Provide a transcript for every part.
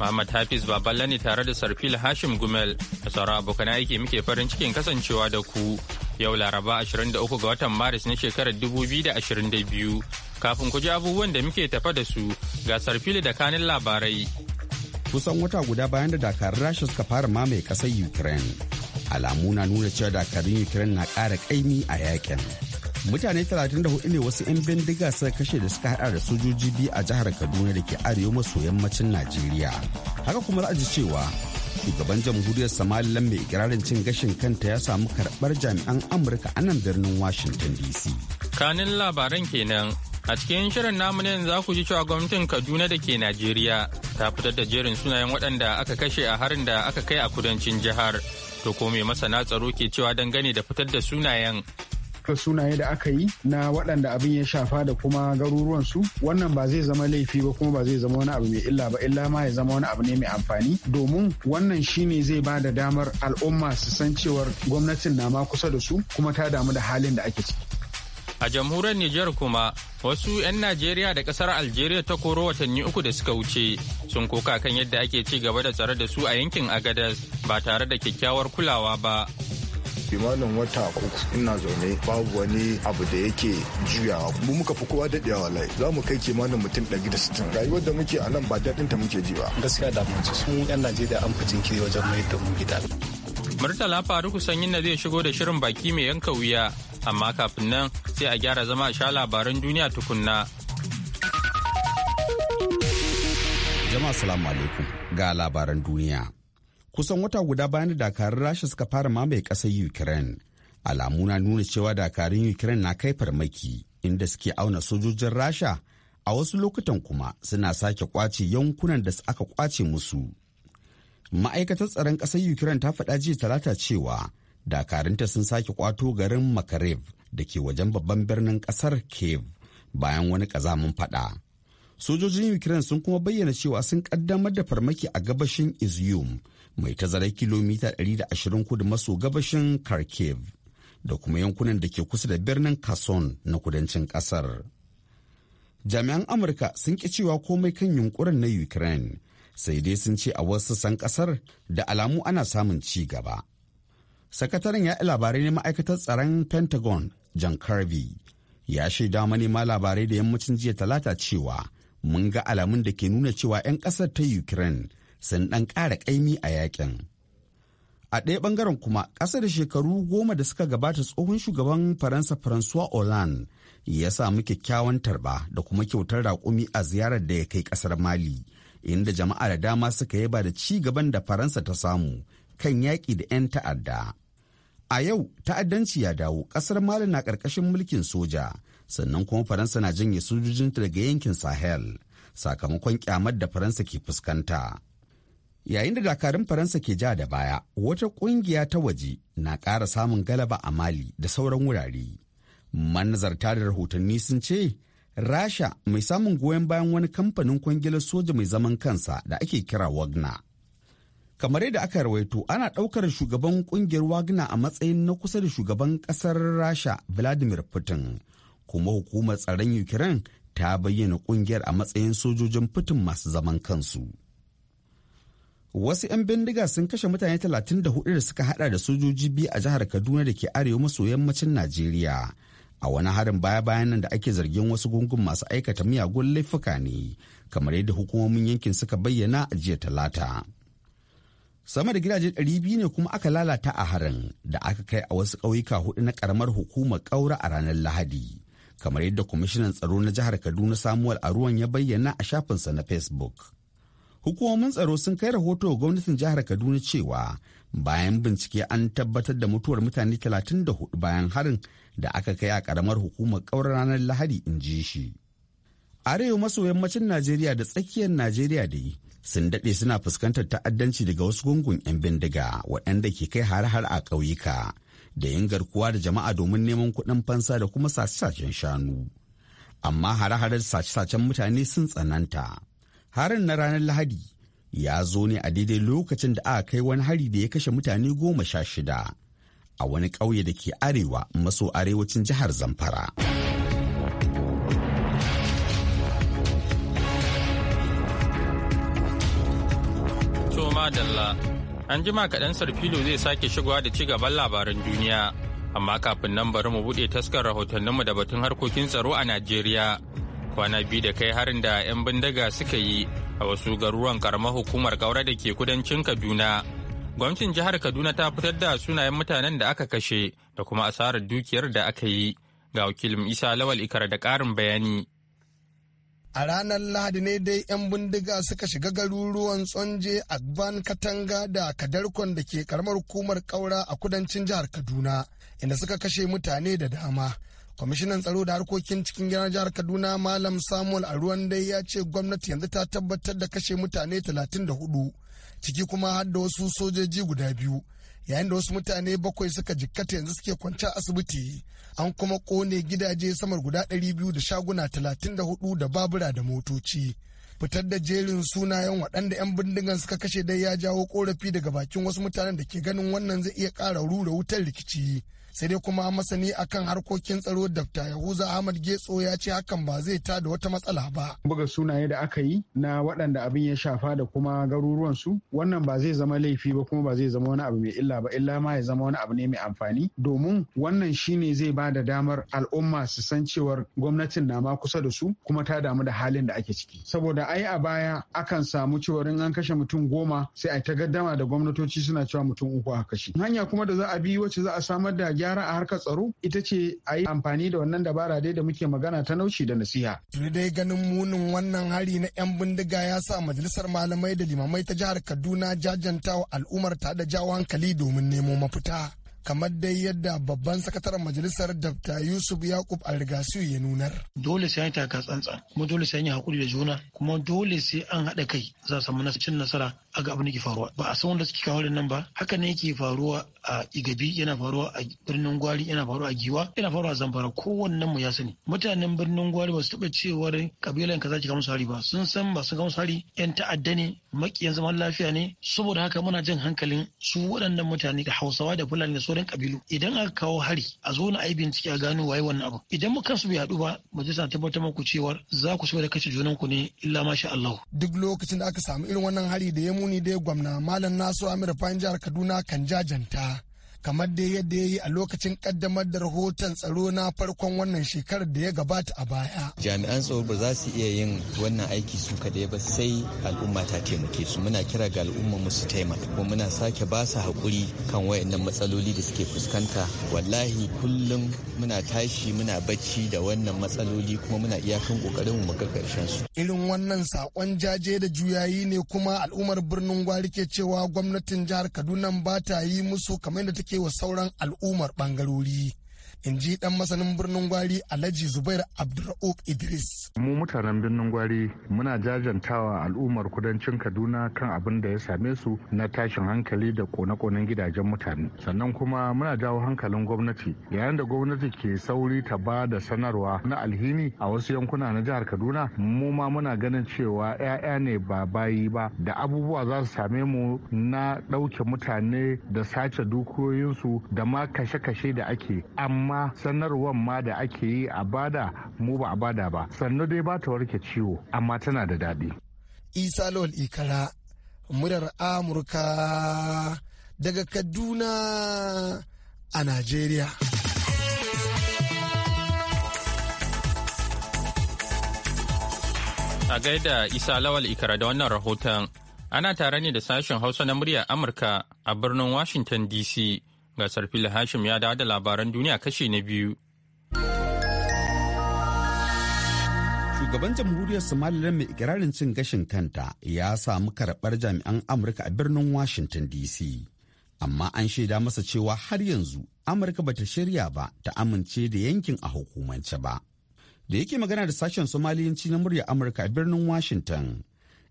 Muhammad Hafiz Baballe ne tare da Sarfil Hashim Gumel da sauran abokan aiki muke farin cikin kasancewa da ku yau Laraba 23 ga watan Maris na shekarar 2022. Kafin ku ji abubuwan da muke tafa da su ga Sarfil da kanin labarai. Kusan wata guda bayan da dakarun Rasha suka fara mamaye ƙasar Ukraine. Alamu na nuna cewa dakarun Ukraine na ƙara ƙaimi a yakin. mutane 34 ne wasu 'yan bindiga suka kashe da suka hada da sojoji biyu a jihar kaduna da ke arewa maso yammacin najeriya haka kuma ji cewa shugaban jamhuriyar somaliland mai ikirarin cin gashin kanta ya samu karbar jami'an amurka a nan birnin washington dc kanin labaran kenan a cikin shirin namu ne za ku ji cewa gwamnatin kaduna da ke najeriya ta fitar da jerin sunayen waɗanda aka kashe a harin da aka kai a kudancin jihar to ko mai masana tsaro ke cewa dangane da fitar da sunayen sunaye da aka yi na waɗanda abin ya shafa da kuma garuruwan su wannan ba zai zama laifi ba kuma ba zai zama wani abu mai illa ba illa ma ya zama wani abu ne mai amfani domin wannan shine zai ba da damar al'umma su san cewar gwamnatin na ma kusa da su kuma ta damu da halin da ake ciki. A jamhuriyar Nijar kuma wasu 'yan Najeriya da kasar Algeria ta koro watanni uku da suka wuce sun koka kan yadda ake ci gaba da tsare da su a yankin Agadas ba tare da kyakkyawar kulawa ba. kimanin wata uku ina zaune babu wani abu da yake juyawa mu muka fi kowa daɗewa wallahi za mu kai kimanin mutum ɗari da sittin rayuwar da muke a nan ba daɗin ta muke ji ba gaskiya da mace su yan najeriya an fi jinkiri wajen mai da mu gida murtala faruku sanyi na zai shigo da shirin baki mai yanka wuya amma kafin nan sai a gyara zama a sha labaran duniya tukunna jama'a salamu alaikum ga labaran duniya kusan wata guda bayan da dakarun rasha suka fara mamaye ƙasar ukraine alamu na nuna cewa dakarun ukraine na kai farmaki inda suke auna sojojin rasha a wasu lokutan kuma suna sake kwace yankunan da aka kwace musu ma'aikatar tsaron ƙasar ukraine ta faɗa jiya talata cewa dakarunta sun sake kwato garin makarev da ke wajen babban birnin ƙasar kiev bayan wani ƙazamin faɗa sojojin ukraine sun kuma bayyana cewa sun ƙaddamar da farmaki a gabashin izium mai tazarar kilomita 120 kudu maso gabashin kharkiv da kuma yankunan da ke kusa da birnin kason na kudancin kasar jami'an amurka sun ki cewa komai kan yunkurin na ukraine sai dai sun ce a wasu san kasar da alamu ana samun ci gaba sakataren ya labarai na ma'aikatar tsaron pentagon john kirby ya shaida manema labarai da yammacin jiya talata cewa mun ga alamun da ke nuna cewa 'yan kasar ta ukraine sun ɗan ƙara ƙaimi a yakin. A ɗaya ɓangaren kuma ƙasa da shekaru goma da suka gabata tsohon shugaban Faransa François Hollande ya samu kyakkyawan tarba da kuma kyautar raƙumi a ziyarar da ya kai ƙasar Mali, inda jama'a da dama suka yi ba da ci gaban da Faransa ta samu kan yaƙi da 'yan ta'adda. A yau ta'addanci ya dawo ƙasar Mali na ƙarƙashin mulkin soja, sannan kuma Faransa na janye sojojinta daga yankin Sahel, sakamakon kyamar da Faransa ke fuskanta. yayin da dakarun faransa ke ja da baya wata kungiya ta waje na ƙara samun galaba a mali da sauran wurare manazarta da rahotanni sun ce rasha mai samun goyon bayan wani kamfanin kwangilar soja mai zaman kansa da ake kira wagner kamar yadda aka rawaito ana ɗaukar shugaban kungiyar wagner a matsayin na kusa da shugaban ƙasar rasha vladimir putin kuma hukumar tsaron ukraine ta bayyana kungiyar a matsayin sojojin putin masu zaman kansu. wasu 'yan bindiga sun kashe mutane 34 da suka hada da sojoji biyu a jihar kaduna da ke arewa maso yammacin najeriya a wani harin baya bayan nan da ake zargin wasu gungun masu aikata miyagun laifuka ne kamar yadda hukumomin yankin suka bayyana a jiya talata sama da gidaje 200 ne kuma aka lalata a harin da aka kai a wasu ƙauyuka hudu na karamar hukumar ƙaura a ranar lahadi kamar yadda kwamishinan tsaro na jihar kaduna samuel aruwan ya bayyana a shafinsa na facebook hukumomin tsaro sun kai rahoto gwamnatin jihar kaduna cewa bayan bincike an tabbatar da mutuwar mutane 34 bayan harin da aka kai a karamar hukumar kawar ranar lahadi in ji shi arewa maso yammacin najeriya da tsakiyar najeriya da yi sun daɗe suna fuskantar ta'addanci daga wasu gungun 'yan bindiga waɗanda ke kai har-har a ƙauyuka da yin garkuwa da jama'a domin neman kuɗin fansa da kuma sace-sacen shanu amma hare harar sace-sacen mutane sun tsananta harin na ranar lahadi ya zo ne a daidai lokacin da aka kai wani hari da ya kashe mutane goma sha shida a wani ƙauye da ke arewa maso arewacin jihar zamfara An jima kaɗan sarfilo zai sake shigowa da ci gaban labaran duniya. Amma kafin nan bari mu buɗe taskar rahotanninmu da batun harkokin tsaro a Najeriya. kwana biyu da kai harin da 'yan bindiga suka yi a wasu garuruwan karamar hukumar kaura da ke kudancin kaduna gwamnatin jihar kaduna ta fitar da sunayen mutanen da aka kashe da kuma asarar dukiyar da aka yi ga wakilin isa lawal ikar da karin bayani a ranar lahadi ne dai 'yan bindiga suka shiga garuruwan tsonje agban katanga da kadarkon da ke karamar hukumar kaura a kudancin jihar kaduna inda suka kashe mutane da dama kwamishinan tsaro da harkokin cikin gidan jihar kaduna malam samuel ruwan dai ya ce gwamnati yanzu ta tabbatar da kashe mutane 34 ciki kuma har da wasu sojoji guda biyu yayin da wasu mutane bakwai suka jikkata yanzu suke kwanci asibiti an kuma kone gidaje samar guda 200 da shaguna 34 da babura da motoci fitar da jerin sunayen waɗanda 'yan bindigan suka kashe dai ya jawo korafi daga bakin wasu mutanen da ke ganin wannan zai iya ƙara rura wutar rikici sai dai kuma masani akan harkokin tsaro ta yahuza ahmad getso ya ce hakan ba zai ta da wata matsala ba buga sunaye da aka yi na waɗanda abin ya shafa da kuma garuruwan su wannan ba zai zama laifi ba kuma ba zai zama wani abu mai illa ba illa ma ya zama wani abu ne mai amfani domin wannan shine zai ba da damar al'umma su san cewar gwamnatin na ma kusa da su kuma ta damu da halin da ake ciki saboda ai a baya akan samu cewar in an kashe mutum goma sai a ta gaddama da gwamnatoci suna cewa mutum uku a kashe hanya kuma da za a bi wacce za a samar da gyara a harkar tsaro ita ce a yi amfani da wannan dabara dai da muke magana ta nauci da nasiha. Tuni dai ganin munin wannan hari na 'yan bindiga ya sa majalisar malamai da limamai ta jihar Kaduna jajantawa al'ummar ta da jawo hankali domin nemo mafita. kamar dai yadda babban sakataren majalisar dabta yusuf yakub alrigasiyu ya nunar dole sai an taka tsantsa kuma dole sai an yi hakuri da juna kuma dole sai an haɗa kai za a samu cin nasara a ga abin da ke faruwa ba a san wanda suke kawo nan ba haka ne yake faruwa a igabi yana faruwa a birnin gwari yana faruwa a giwa yana faruwa a zamfara kowannen mu ya sani mutanen birnin gwari ba su taɓa cewar kabilan kaza ki kawo sari ba sun san ba su kawo sari yan ta'adda ne makiyan zaman lafiya ne saboda haka muna jin hankalin su waɗannan mutane da hausawa da fulani da sauran sauran kabilu idan aka kawo hari a zo na aibin ciki a gano waye wannan abu idan mu kansu bai haɗu ba majalisa tabbatar muku cewa za ku shiga da kace junan ku ne illa masha Allah duk lokacin da aka samu irin wannan hari da ya muni dai gwamna malam nasu Amir Fahin jihar Kaduna kan jajanta kamar dai yadda ya yi a lokacin kaddamar da rahoton tsaro na farkon wannan shekarar da ya gabata a baya. Jami'an tsaro ba za su iya yin wannan aiki su kaɗai ba sai al'umma ta taimake su muna kira ga al'umma musu taimaka kuma muna sake ba su haƙuri kan wayannan matsaloli da suke fuskanta wallahi kullum muna tashi muna bacci da wannan matsaloli kuma muna iyakan ƙoƙarin mu ga ƙarshen su. Irin wannan saƙon jaje da juyayi ne kuma al'ummar birnin Gwari ke cewa gwamnatin jihar Kaduna ba ta yi musu kamar da ke wa sauran al'ummar bangarori in ji dan masanin birnin gwari alhaji zubair abdurra'uf idris mu mutanen birnin gwari muna jajantawa al'ummar kudancin kaduna kan abin da ya same su na tashin hankali da kone-konen gidajen mutane sannan kuma muna jawo hankalin gwamnati yayin da gwamnati ke sauri ta ba da sanarwa na alhini a wasu yankuna na jihar kaduna mu ma muna ganin cewa 'ya'ya ne ba bayi ba da abubuwa za su same mu na ɗauke mutane da sace dukiyoyinsu da ma kashe-kashe da ake amma kuma sanarwar ma da ake yi a bada mu ba a bada ba sannu dai ba ta warke ciwo amma tana da daɗi. isa lawal ikara murar amurka daga kaduna a najeriya a gaida isa lawal ikara da wannan rahoton ana tare ne da sashen hausa na muryar amurka a birnin washington dc Gasar Fili Hashim ya dawo da labaran duniya kashi na biyu. Shugaban jamhuriyar Somaliland mai ikirarin cin gashin kanta ya samu karɓar jami'an Amurka a birnin Washington DC. Amma an shaida masa cewa har yanzu Amurka ba ta shirya ba ta amince da yankin a hukumance ba. Da yake magana da sashen Somaliyanci na muryar Amurka a birnin Washington,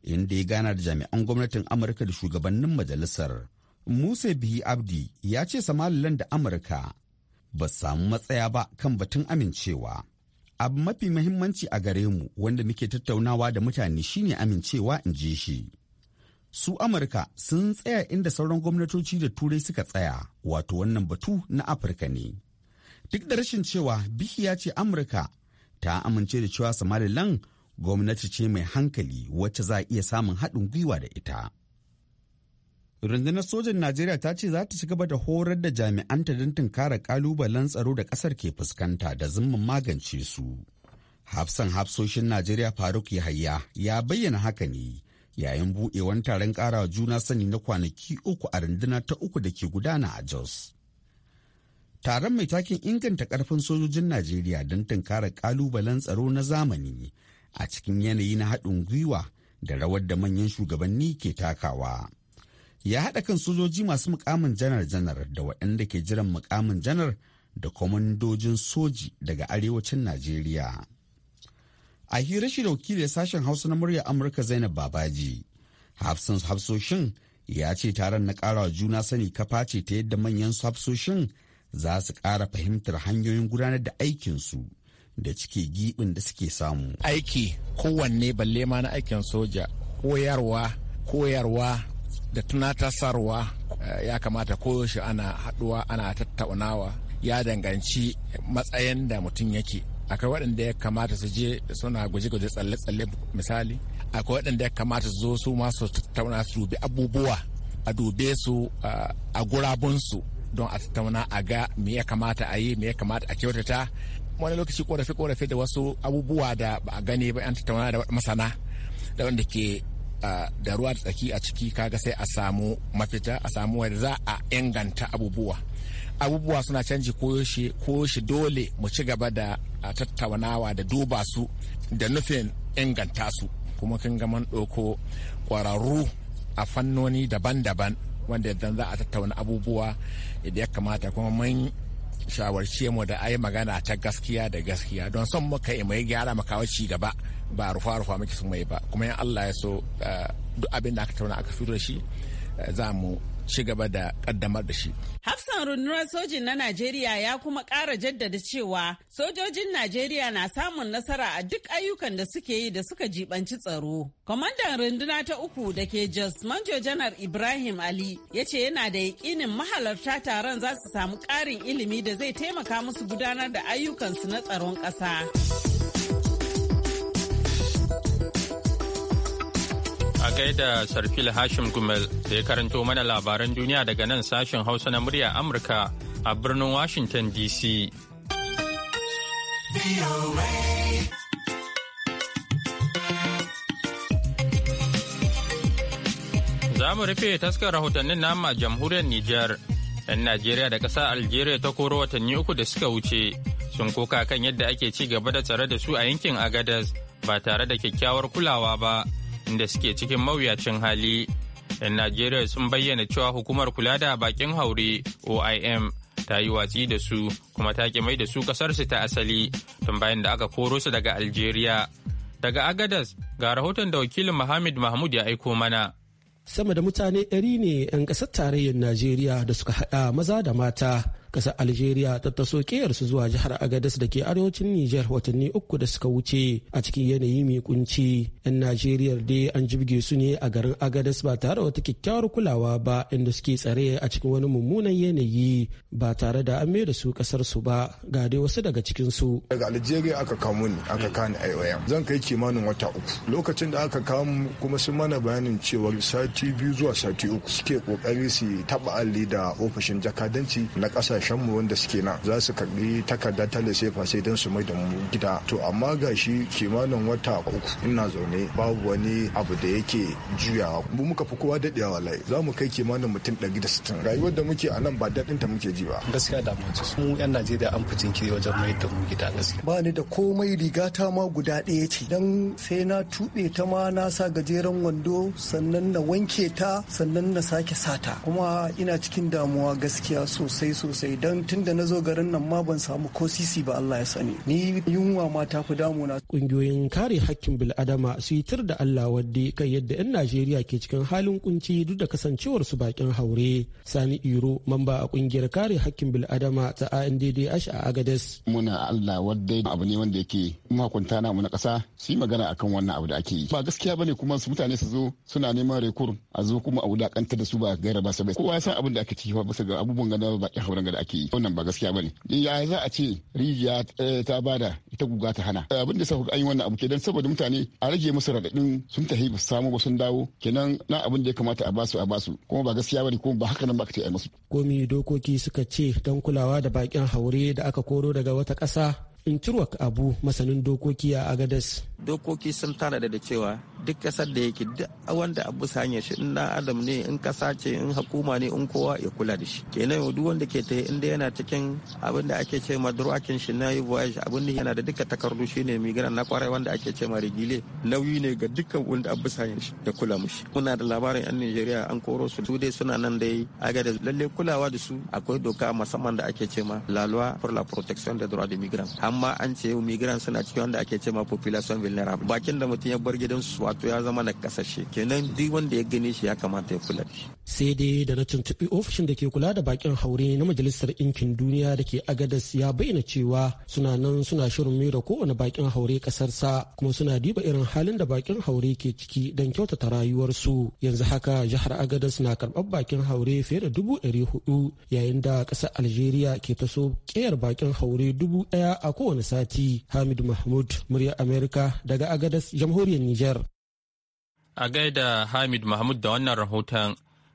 inda ya gana da jami'an gwamnatin Amurka da shugabannin majalisar. Musa Bihi Abdi ya ce Somaliland da Amurka ba samu matsaya ba kan batun amincewa. Abu mafi mahimmanci a gare mu wanda muke tattaunawa da mutane shine amincewa in ji shi. Su Amurka sun tsaya inda sauran gwamnatoci da turai suka tsaya wato wannan batu na Afirka ne. Duk da rashin cewa Bihi ya ce Amurka ta amince da cewa Somaliland gwamnati ce mai hankali wacce za a iya samun haɗin gwiwa da ita. rundunar sojan najeriya ta ce za ta ci gaba da horar da jami'anta don tunkara kalubalen tsaro da kasar ke fuskanta da zumman magance su hafsan hafsoshin najeriya faruk yahaya ya bayyana haka ne yayin buɗewan taron ƙara juna sani na kwanaki uku a runduna ta uku da ke gudana a jos taron mai takin inganta ƙarfin sojojin najeriya don tunkara kalubalen tsaro na zamani a cikin yanayi na haɗin gwiwa da rawar da manyan shugabanni ke takawa. ya haɗa kan sojoji masu mukamin janar-janar da waɗanda ke jiran mukamin janar da kwamandojin soji daga arewacin Najeriya. A hira shi da wakilin sashen Hausa na murya Amurka Zainab Babaji, hafsan hafsoshin ya ce taron na ƙarawa juna sani kafa ce ta yadda manyan hafsoshin za su ƙara fahimtar hanyoyin gudanar da aikinsu. da cike giɓin da suke samu. Aiki kowanne balle ma na aikin soja koyarwa koyarwa da tunatarwa eh, ya kamata koyaushe ana haɗuwa ana tattaunawa ya danganci matsayin da mutum yake akwai waɗanda ya kamata su je suna guje-guje tsalle-tsalle misali akwai waɗanda ya kamata su zo su masu tattauna su dubi abubuwa a dube su a gurabunsu don a tattauna a ga me ya kamata a yi me ya kamata a kyautata wani lokaci korafe-korafe da wasu abubuwa da ba a gani ba an tattauna da masana da wanda ke da ruwa da tsaki a ciki kaga sai a samu mafita a samu wani za a inganta abubuwa abubuwa suna canji koyaushe dole mu ci gaba da tattaunawa da duba su da nufin inganta su kuma kin ga man ɗauko ƙwararru a fannoni daban-daban wanda idan za a tattauna abubuwa idan ya kamata kuma mun shawarce mu da a magana ta gaskiya da gaskiya don son muka yi mai gyara mu ci gaba ba rufa rufa muke sun mai ba kuma yan Allah ya so eh, duk abin da aka tauna aka fito da shi eh, za mu ci gaba da kaddamar da shi. Hafsan rundunar sojin na Najeriya ya kuma ƙara jaddada cewa sojojin Najeriya na samun nasara a duk ayyukan da suke yi da suka jibanci tsaro. Kwamandan runduna ta uku da ke Jos Manjo Janar Ibrahim Ali ya ce yana da yakinin mahalarta taron za su samu ƙarin ilimi da zai taimaka musu gudanar da ayyukansu na tsaron ƙasa. A gaida Sarfil Hashim Gumel da ya karanto mana labaran duniya daga nan sashen Hausa na murya Amurka a birnin Washington DC. Za mu rufe taskar rahotannin nama jamhuriyar Nijar. 'Yan Najeriya da ƙasa Algeria ta koro watanni uku da suka wuce sun koka kan yadda ake ci gaba da tsare da su a yankin Agadas ba tare da kyakkyawar kulawa ba inda suke cikin mawuyacin hali. 'Yan Najeriya sun bayyana cewa hukumar kula da bakin haure OIM ta yi watsi da su kuma ta mai da su kasarsu ta asali tun bayan da aka koro su daga Algeria. Daga Agadas ga rahoton da wakilin Muhammad Mahmud ya aiko mana. Sama da mutane 100 ne 'yan ƙasar tarayyar Najeriya da suka haɗa maza da mata. kasar algeria ta taso su zuwa jihar agadas da ke arewacin niger watanni uku da suka wuce a cikin yanayi mai kunci yan najeriya dai an jibge su ne a garin agadas ba tare wata kyakkyawar kulawa ba inda suke tsare a cikin wani mummunan yanayi ba tare da an da su kasar su ba ga dai wasu daga cikin su daga algeria aka kawo ni aka kani aiwaya zan kai kimanin wata uku lokacin da aka kawo kuma sun mana bayanin cewa sati biyu zuwa sati uku suke kokari su taba alli da ofishin jakadanci na kasashe kasashen mu wanda suke nan za su karbi takarda ta lissafa sai don su mai da mu gida to amma gashi kimanin wata uku ina zaune babu wani abu da yake juyawa mu muka fi kowa dadewa za mu kai kimanin mutum da 160 rayuwar da muke a nan ba dadin ta muke ji ba gaskiya da mu mu yan Najeriya an fi jinkiri wajen mai da mu gida gaskiya ba ni da komai riga ta ma guda ɗaya ce dan sai na tuɓe ta ma na sa gajeren wando sannan na wanke ta sannan na sake sata kuma ina cikin damuwa gaskiya sosai sosai sosai don tun da na zo garin nan ma ban samu ko sisi ba Allah ya sani ni yunwa ma ta fi damuna. Kungiyoyin kare hakkin bil'adama su yi tir da Allah wadde kan yadda 'yan Najeriya ke cikin halin kunci duk da kasancewar su bakin haure. Sani Iro mamba a kungiyar kare hakkin bil'adama ta ANDDH a Agades. Muna Allah wadde abu ne wanda yake mahukunta namu na ƙasa su yi magana akan wannan abu da ake yi. Ba gaskiya bane kuma su mutane su zo suna neman rekur a zo kuma a wulakantar da su ba gaira ba su bai. Kowa ya san abin da ake ciki ba bisa ga abubuwan gana bakin hauren gada. da ake yi wannan ba gaskiya bane ya za a ce rijiya eh, ta bada ita guga ta hana eh, abin da sa an yi wannan abu kenan saboda mutane a rage musu radadin sun tafi ba su samu ba sun dawo kenan na abin da ya kamata a basu a basu kuma ba gaskiya bane kuma ba haka nan ba ka ce a musu komi dokoki suka ce don kulawa da bakin haure da aka koro daga wata ƙasa Inkiruwak Abu masanin dokoki a Agadas. Dokoki sun tanada da cewa duk kasar da yake duk wanda abu sanya shi in dan adam ne in kasa ce in hukuma ne in kowa ya kula da shi. Kenan duk wanda ke ta inda yana cikin abin da ake ce ma droakin shi na voyage abin da yana da duka takardu shi ne migran na kwarai wanda ake ce ma rigile nauyi ne ga dukkan wanda abu sanya shi da kula mushi. Muna da labarin 'yan Nijeriya an koro su su dai suna nan dai Agadas lalle kulawa da su akwai doka musamman da ake ce ma la loi pour la protection des droits des migrants. ma an ce yau suna cikin wanda ake ce ma population vulnerable bakin da mutum ya bar gidan su wato ya zama na kasashe kenan duk wanda ya gani shi ya kamata ya kula shi sai dai da na tuntuɓi ofishin da ke kula da bakin haure na majalisar ɗinkin duniya da ke agadas ya bayyana cewa suna nan suna shirin mera kowane bakin haure ƙasarsa kuma suna diba irin halin da bakin haure ke ciki don kyautata rayuwarsu yanzu haka jihar agadas na karɓar bakin haure fiye da dubu ɗari hudu yayin da ƙasar algeria ke taso ƙeyar bakin haure dubu ɗaya a kowane sati hamid mahmud murya amerika daga agadas jamhuriyar niger a gaida hamid mahmud da wannan rahoton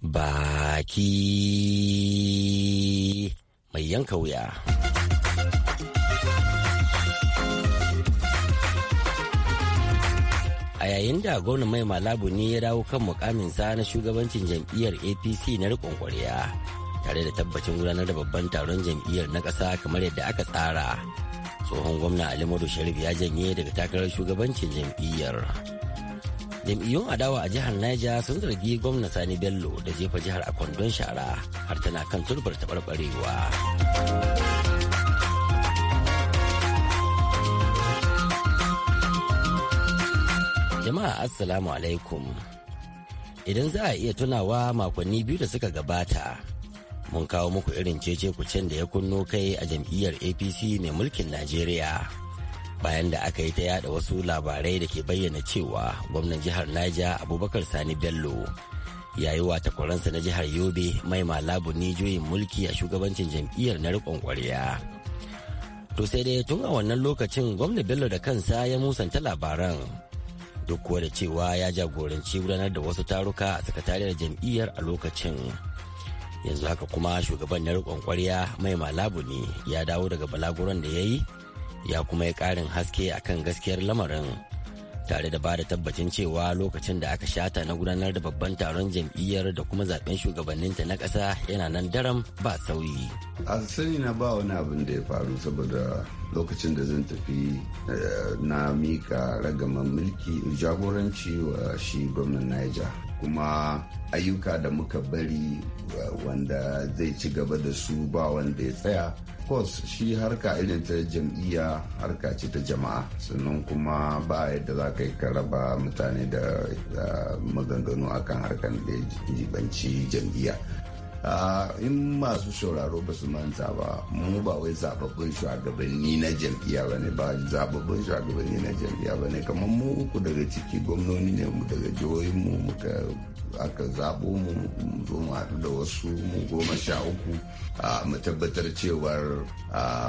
baki mai yanka wuya. A yayin da gwamnan mai malabu ne ya dawo kan mukaminsa na shugabancin jam'iyyar APC na rikon kwarya tare da tabbacin gudanar da babban taron jam'iyyar na ƙasa kamar yadda aka tsara. Tsohon gwamna Ali Sharif ya janye daga takarar shugabancin jam'iyyar. jam'iyyun adawa a jihar Niger sun zargi gwamna Sani Bello da jefa jihar a kwandon shara har tana kan turbar taɓarɓarewa. Jama'a Assalamu alaikum. Idan za a iya tunawa makonni biyu da suka gabata, mun kawo muku irin cece kucen da ya kunno kai a jam'iyyar APC mai mulkin Najeriya. bayan da aka yi ta yada wasu labarai da ke bayyana cewa gwamnan jihar naija Abubakar Sani Bello ya yi wa na jihar Yobe mai malabu ne juyin mulki a shugabancin jam'iyyar na riƙon ƙwarya. To sai dai tun a wannan lokacin gwamnan Bello da kansa ya musanta labaran. Duk kuwa da cewa ya jagoranci gudanar da wasu taruka a sakatariyar jam'iyyar a lokacin. Yanzu haka kuma shugaban na riƙon ƙwarya mai malabu ne ya dawo daga balaguron da ya yi ya kuma yi ƙarin haske akan gaskiyar lamarin tare da ba da tabbacin cewa lokacin da aka shata na gudanar da babban taron jam'iyyar da kuma zaben shugabanninta na ƙasa yana nan daram ba sauyi. a sani na ba wani abin da ya faru saboda lokacin da zan tafi eh, na mika ragaman mulki jagoranci wa shi gwamnan naija kuma ayyuka da muka bari eh, wanda zai ci gaba da su ba wanda ya tsaya course shi harka irin ta jam'iyya harka ce ta jama'a sannan kuma ba yadda za ka yi raba mutane da maganganu akan harkar da jibanci jam'iyya in masu sauraro ba su manta ba mu ba wai zababbin shugabanni na jam'iyya ba ne ba zababbin shugabanni na jam'iyya ba ne kamar mu uku daga ciki gwamnoni ne mu daga jihohin mu muka aka zabo mu zo mu haɗu da wasu mu goma sha uku mu tabbatar cewar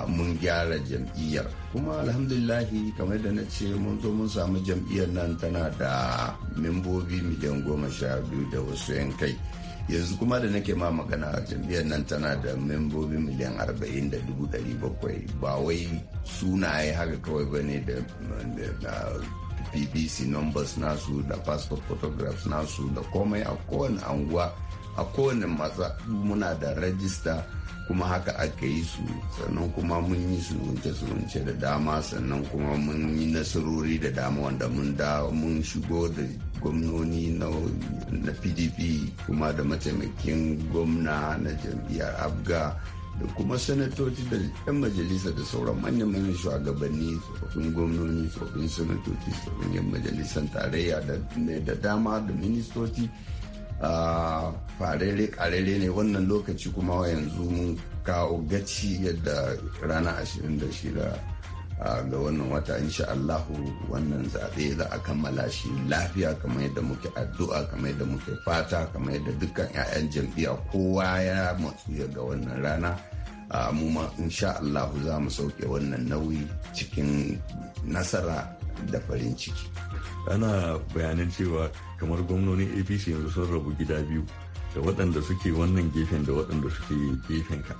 mun gyara jam'iyyar kuma alhamdulillahi kamar da na ce mun zo mun samu jam'iyyar nan tana da membobi miliyan goma sha biyu da wasu 'yan kai yanzu kuma da nake ma magana jam'iyyar nan tana da membobi miliyan arba'in da dubu ɗari bakwai ba wai sunaye haka kawai ba ne da bbc numbers nasu da passport photographs nasu da komai a kowane anguwa a kowane matsa muna da rajista kuma haka aka yi su sannan kuma mun yi surunce-surunce da dama sannan kuma mun yi nasarori da dama wanda mun mun shigo da gwamnoni na pdp kuma da mataimakin gwamna na jam'iyyar abga da kuma sanatoci da 'yan majalisa da sauran manyan manyan shugabanni tsofaffin gwamnoni tsofaffin sanatoci tsofaffin 'yan majalisar tarayya da dama da ministoci farere karere ne wannan lokaci kuma yanzu mun kawo gaci yadda rana 26 ga wannan wata insha Allahu wannan zaɓe za a kammala shi lafiya kamar yadda muke addu'a kamar yadda muke fata kamar yadda dukkan 'ya'yan jam'iyya kowa ya matsu ga wannan rana mu ma insha Allahu za mu sauke wannan nauyi cikin nasara da farin ciki ana bayanin cewa kamar gwamnonin apc yanzu sun rabu gida biyu da waɗanda suke wannan gefen da waɗanda suke gefen ka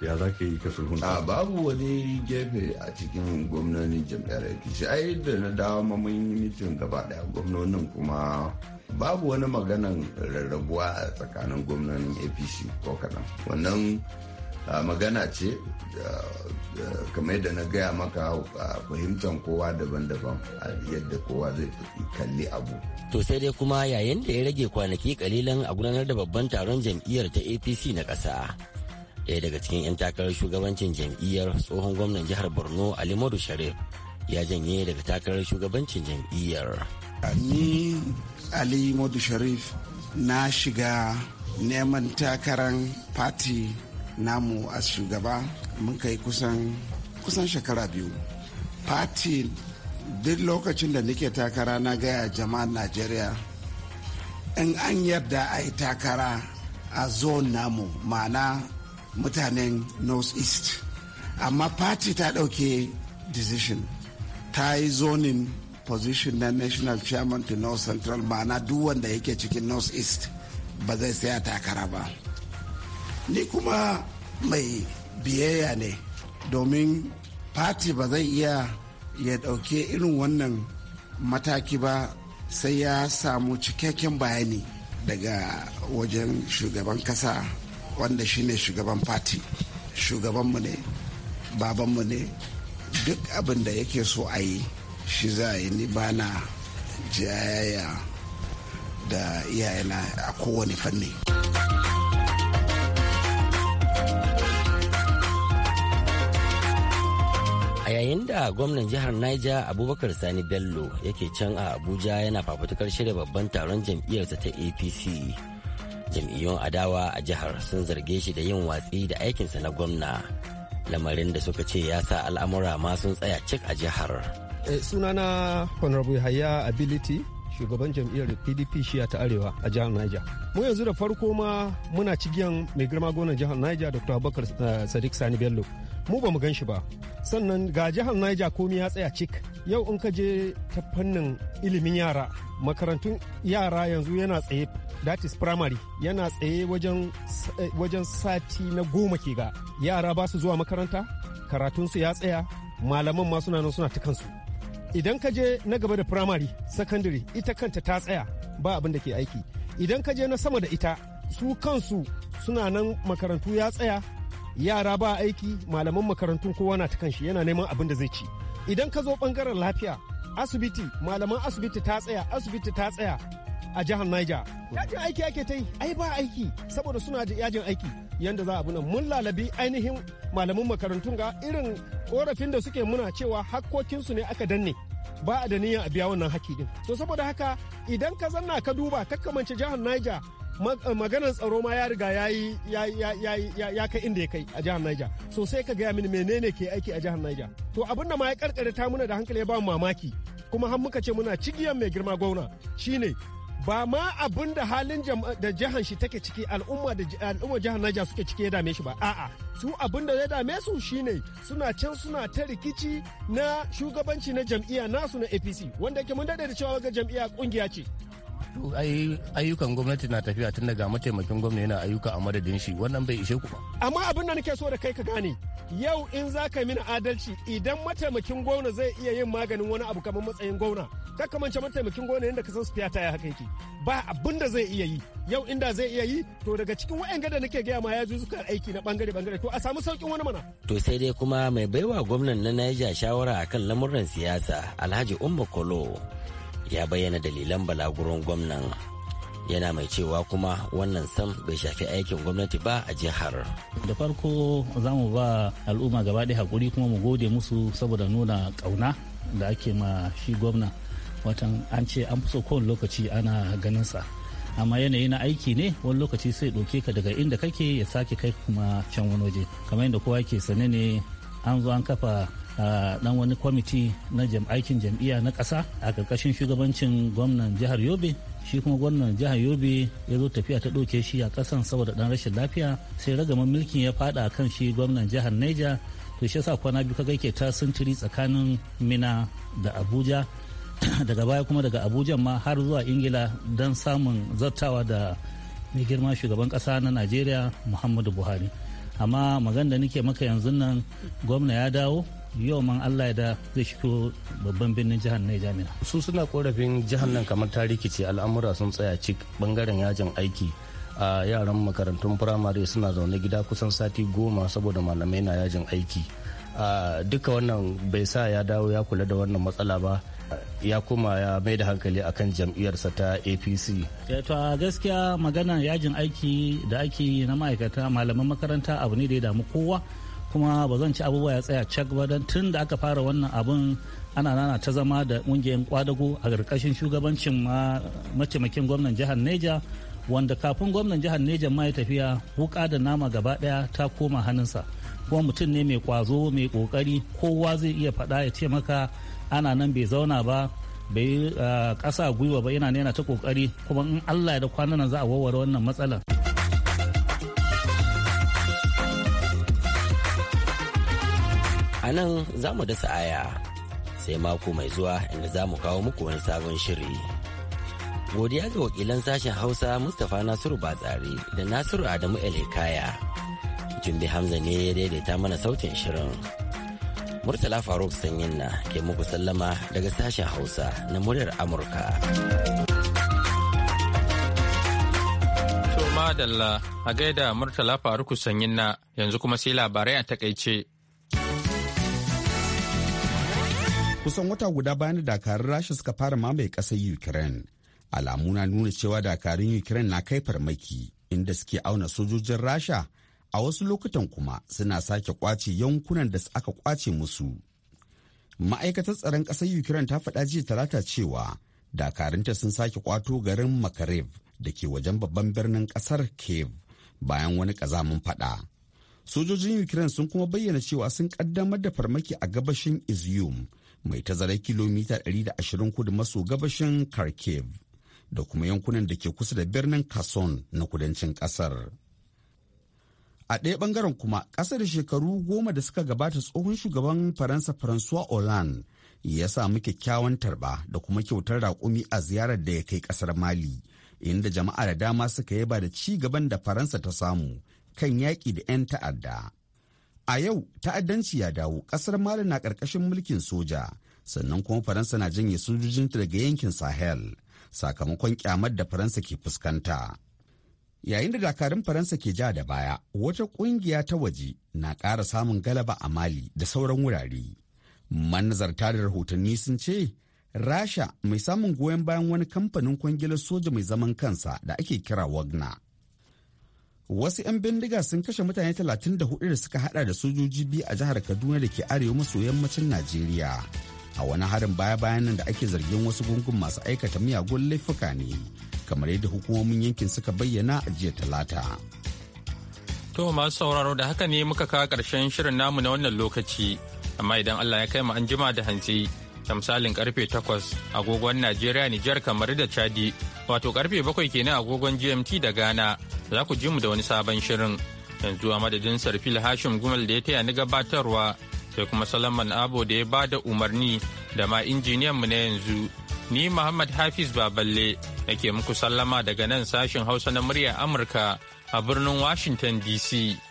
ya za ka yi ka sulhun a babu wani gefe a cikin gwamnonin jam'iyyar apc ai da na dawo mun yi mitin gaba daya gwamnonin kuma babu wani maganan rarrabuwa a tsakanin gwamnonin apc ko kaɗan wannan magana ce kamar da na gaya maka fahimtar kowa daban-daban a yadda kowa zai kalli abu to sai dai kuma yayin da ya rage kwanaki kalilan a gudanar da babban taron jam'iyyar ta apc na ƙasa ɗaya daga cikin 'yan takarar shugabancin jam'iyyar tsohon gwamnan jihar borno Ali Madu sharif ya janye daga takarar shugabancin jam'iyyar ni ali modu sharif na shiga neman takarar fati namu a shugaba mun kai kusan shekara biyu fati duk lokacin da nake takara na gaya jama'ar najeriya in an yarda a yi takara a zo namu ma'ana mutanen north east amma party ta ɗauke decision ta yi zonin position na national chairman to north central ma'ana duk wanda yake cikin north east ba zai saya takara ba ni kuma mai biyayya ne domin party ba zai iya ya ɗauke irin wannan mataki ba sai ya samu cikakken bayani daga wajen shugaban kasa wanda shi ne shugaban fati shugabanmu ne babanmu ne duk abin da yake so a yi shi za a yi ni bana jayaya da iyayena a kowane fanni a yayin da gwamnan jihar Niger abubakar sani bello yake can a abuja yana fafutukar shirya babban taron jam'iyyarsa ta apc jam'iyyun adawa a jihar sun zarge shi da yin watsi da aikinsa na gwamna lamarin da suka ce ya sa al'amura ma sun tsaya cik a jihar eh, sunana honorable haya ability shugaban jam'iyyar pdp shiya ta arewa a jihar niger mu yanzu da farko ma muna cigiyan mai girma gonan jihar niger dr abubakar eh, sadiq sani bello mu ba mu gan shi ba sannan ga jihar niger komi ya tsaya cik yau in ka je ta fannin ilimin yara makarantun yara yanzu yana tsaye that is primary yana tsaye wajen eh, sati na goma ke ga yara ba su zuwa makaranta karatunsu ya tsaya malaman ma suna nan suna ta kansu idan ka je na gaba da firamare secondary ita kanta ta tsaya ba abin da ke aiki idan ka je na sama da ita su kansu suna nan makarantu ya tsaya yara ba aiki malaman makarantun kowa na ta kanshi yana neman abin da zai ci idan ka zo bangaren lafiya asibiti malaman asibiti ta tsaya asibiti ta tsaya a jihar Niger. Yajin aiki ake ta yi, ai ba aiki saboda suna yajin aiki yanda za a bi mun lalabi ainihin malaman makarantun ga irin korafin da suke muna cewa hakkokinsu ne aka danne. ba a da niyya a biya wannan haƙƙi din to saboda haka idan ka zanna ka duba kakkamance jihar Niger eh, maganar tsaro ma ya riga ya kai inda ya kai a jihar Niger so sai ka gaya mini menene ke aiki a jihar Niger to abin da ma ya karkare ta muna da hankali ya ba mu mamaki kuma har muka ce muna cigiyar mai girma gwauna shine ba ma abin da halin da jihar shi take ciki al'umma da al'umma jihar Niger suke ciki ya dame shi ba a'a su abin da ya dame su shine suna can suna ta rikici na shugabanci na jam'iyya nasu na APC wanda ke mun dade da cewa ga jam'iyya kungiya ce ayyukan gwamnati na tafiya tun daga mataimakin gwamna yana ayyuka a madadin shi wannan bai ishe ku ba amma abin da nake so da kai ka gane yau in za ka mini adalci idan mataimakin gwamna zai iya yin maganin wani abu kamar matsayin gwamna mance mataimakin gwamna yadda ka san su fiyata ya haka yake ba abin da zai iya yi yau inda zai iya yi to daga cikin wa'yan gada nake gaya ma ya zuzuka aiki na bangare bangare to a samu saukin wani mana to sai dai kuma mai baiwa gwamnan na Niger shawara akan lamuran siyasa Alhaji Umma Kolo ya bayyana dalilan balaguron gwamnan yana mai cewa kuma wannan sam bai shafi aikin gwamnati ba a jihar. Da farko za mu ba al'umma gaba ɗaya haƙuri kuma mu gode musu saboda nuna ƙauna da ake ma shi gwamna watan an ce an fi so kowane lokaci ana ganinsa amma yanayi na aiki ne wani lokaci sai ɗauke ka daga inda kake ya sake kai kuma can wani waje kamar yadda kowa ke sane ne an zo an kafa dan wani kwamiti na aikin jam'iyya na ƙasa a ƙarƙashin shugabancin gwamnan jihar yobe shi kuma gwamnan jihar yobe ya zo tafiya ta ɗauke shi a ƙasan saboda ɗan rashin lafiya sai ragaman mulkin ya faɗa kan shi gwamnan jihar niger to shi yasa kwana biyu kaga ke ta sintiri tsakanin mina da abuja daga baya kuma daga abuja ma har zuwa ingila don samun zartawa da mai girma shugaban ƙasa na najeriya muhammadu buhari amma magana da nake maka yanzu nan gwamna ya dawo yau man Allah ya da zai shigo babban birnin jihar Niger mina. Su suna korafin jihar nan kamar ta rikice al'amura sun tsaya cik bangaren yajin aiki a yaran makarantun firamare suna zaune gida kusan sati goma saboda malamai na yajin aiki. Duka wannan bai sa ya dawo ya kula da wannan matsala ba. ya kuma ya mai da hankali a kan jam'iyyarsa ta apc eh, to a gaskiya magana yajin aiki da ake na ma'aikata malaman makaranta abu ne da ya damu kowa kuma ba zan ci abubuwa ya tsaya cak ba don tun da aka fara wannan abun ana nana ta zama da ƙungiyar kwadago a ƙarƙashin shugabancin mataimakin gwamnan jihar neja wanda kafin gwamnan jihar neja ma ya tafiya wuka da nama gaba ɗaya ta koma hannunsa kuma mutum ne mai kwazo mai ƙoƙari kowa zai iya faɗa ya ce maka ana nan bai zauna ba bai eh, ƙasa gwiwa ba yana nena ta ƙoƙari kuma in allah ya da kwanan za a warware wannan matsalar. a nan za mu dasa aya sai mako mai zuwa inda za mu kawo muku wani sabon shiri. Godiya ga wakilan sashen Hausa Mustapha Nasiru Batsari da Nasiru Adamu Elekaya. Jumbi Hamza ne ya daidaita mana sautin shirin. Murtala Faruk Sanyin ke muku sallama daga sashen Hausa na muryar Amurka. To madalla a gaida Murtala Faruk Sanyin yanzu kuma sai labarai a takaice. kusan wata guda bayan da dakarun rasha suka fara mamaye ƙasar ukraine alamu na nuna cewa dakarun ukraine na kai farmaki inda suke auna sojojin rasha a wasu lokutan kuma suna sake kwace yankunan da aka kwace musu ma'aikatar tsaron ƙasar ukraine ta faɗa jiya talata cewa dakarunta sun sake kwato garin makarev da ke wajen babban birnin ƙasar kiev bayan wani ƙazamin faɗa sojojin ukraine sun kuma bayyana cewa sun ƙaddamar da farmaki a gabashin izium mai tazarar kilomita 120 kudu maso gabashin kharkiv da kuma yankunan da ke kusa da birnin kason na kudancin kasar a ɗaya ɓangaren kuma ƙasa da shekaru goma da suka gabata tsohon shugaban faransa François hollande ya samu kyakkyawan tarba da kuma kyautar raƙumi a ziyarar da ya kai ƙasar mali inda jama'a da dama suka yaba da ci gaban da faransa ta samu kan yaƙi da 'yan ta'adda A yau ta'addanci ya dawo ƙasar Mali na ƙarƙashin mulkin soja sannan kuma Faransa na janye sojojinta daga yankin Sahel sakamakon kyamar da Faransa ke fuskanta. Yayin da dakarun Faransa ke ja da baya, wata ƙungiya ta waje na ƙara samun galaba a Mali da sauran wurare. Manazarta da rahotanni sun ce, Rasha mai samun goyon bayan wani kamfanin kwangilar soja mai zaman kansa da ake kira Wagner. wasu 'yan bindiga sun kashe mutane 34 da suka hada da sojoji biyu a jihar kaduna da ke arewa maso yammacin najeriya a wani harin baya-bayan nan da ake zargin wasu gungun masu aikata miyagun laifuka ne kamar yadda hukumomin yankin suka bayyana a jiya talata to masu sauraro da haka ne muka kawo karshen shirin namu na wannan lokaci amma idan allah ya kai mu an jima da hantsi da misalin karfe 8 agogon najeriya nijar kamar da chadi wato karfe 7 kenan agogon gmt da ghana za ku ji mu da wani sabon shirin yanzu a madadin sarfil hashim gumal da ya taya ni gabatarwa sai kuma salaman abo da ya ba da umarni da ma injiniyan mu na yanzu ni muhammad hafiz baballe nake muku sallama daga nan sashen hausa na murya amurka a birnin washington dc